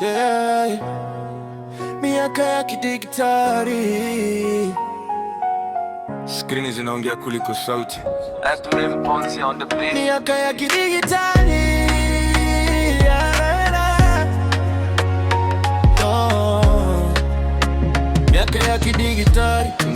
yeah. Miaka ya kidigitali, skrini zinaongea kuliko sauti. Miaka ya kidigitali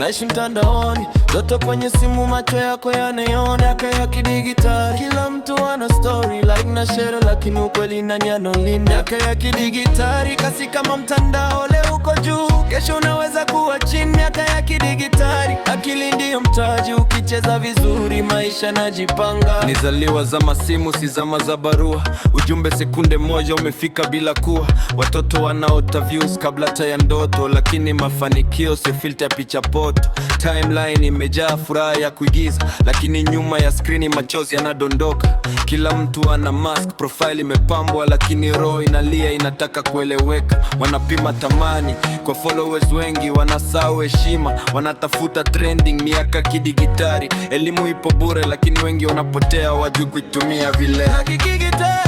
Naishi mtandaoni, ndoto kwenye simu, macho yako yanaona ya kidigitali. Kila mtu ana story like na share, lakini ukweli na nyano lina yake ya kidigitali. Kasi kama mtandao, leo uko juu, kesho unaweza kuwa chini. Yake ya kidigitali, akili ndiyo mtaji uki nacheza vizuri, maisha najipanga. Nizaliwa za masimu, si zama za barua. Ujumbe sekunde moja umefika bila kuwa. Watoto wanaota views kabla hata ya ndoto, lakini mafanikio si filter ya picha poto. Timeline imejaa furaha ya kuigiza, lakini nyuma ya skrini machozi yanadondoka. Kila mtu ana mask, profile imepambwa, lakini roho inalia, inataka kueleweka. Wanapima thamani kwa followers, wengi wanasahau heshima, wanatafuta trending miaka kidigitali habari. Elimu ipo bure, lakini wengi wanapotea, wajui kuitumia vile kidigitali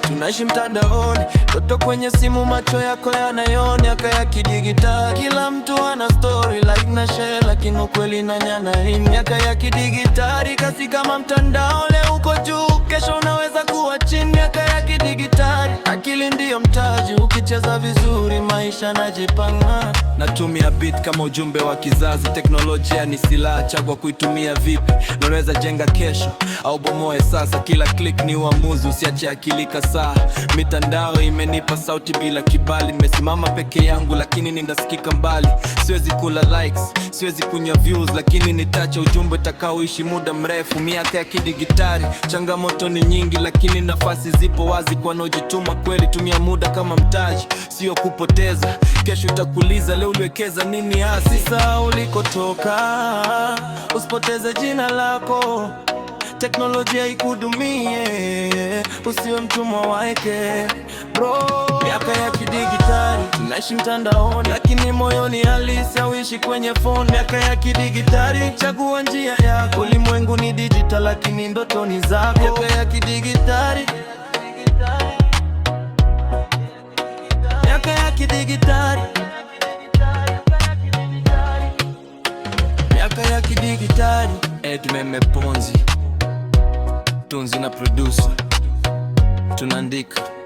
tunaishi mtandaoni, toto kwenye simu, macho yako yanayoona miaka ya kidigitali. Kila mtu ana story like na share, lakini ukweli na nyana hii miaka ya kidigitali, kasi kama mtandao Nikicheza vizuri maisha najipanga, natumia beat kama ujumbe wa kizazi. Teknolojia ni silaha, chagua kuitumia vipi. Naweza jenga kesho au bomoe sasa. Kila click ni uamuzi, usiache akilika saa. Mitandao imenipa sauti bila kibali, nimesimama peke yangu lakini ninasikika mbali. Siwezi kula likes, siwezi kunywa views, lakini nitacha ujumbe utakaoishi muda mrefu. Miaka ya kidigitali, changamoto ni nyingi, lakini nafasi zipo wazi kwa wanaojituma kweli. Tumia muda kama mtaji, sio kupoteza. Kesho utakuuliza leo uliwekeza nini hasi. Ah, Sahau ulikotoka, usipoteze jina lako, teknolojia ikudumie, usiwe mtumwa wake bro. Miaka ya kidigitali tunaishi mtandaoni, lakini moyoni halisi hauishi kwenye phone. Miaka ya kidigitali chagua njia yako, ulimwengu ni digital, lakini ndotoni zako. Miaka ya kidigitali kidigitali Edmeme Ponzi, tunzi na producer tunaandika